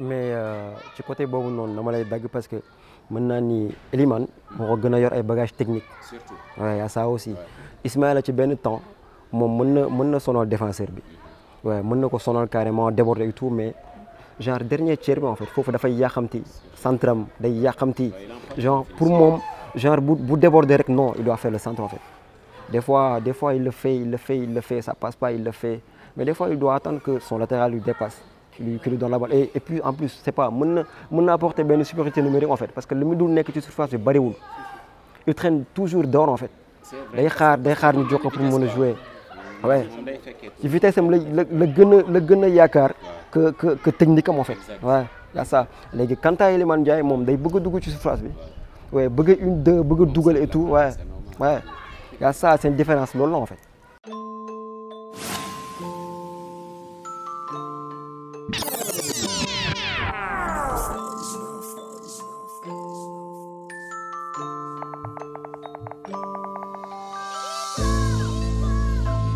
mais euh, ci côté bobu non dama lay dag parce que mën naa ni Eliman moo gëna yor ay bagages techniques. surtout waaw ça aussi Ismaël, ci ben temps mom mën na mën na sonal défenseur bi waaw mën na ko sonal carrément déborder et tout mais genre dernier tiers mais en fait fofu da fay centre centram day yàqamti genre pour mom genre bu bu déborder rek non il doit faire le centre en fait des fois des fois il le fait il le fait il le fait ça passe pas il le fait mais des fois il doit attendre que son latéral lui dépasse qui dans la balle et et puis en plus c'est pas mën na mën na apporter benn supériorité numérique en fait parce que li mu dul nekk ci surface bi bariwul il traîne toujours dehors en fait day xaar day xaar ñu jox ko pour mën jouer waaye ci vitesse le le la le gën yakar que que que technique am en fait waaw y ça léegi quant à Iliman Ndiaye moom day bëgg a dugg ci surface bi waaye bëgg a une deux bëgg a et tout waaye waaye y ça c'est une différence loolu la en fait you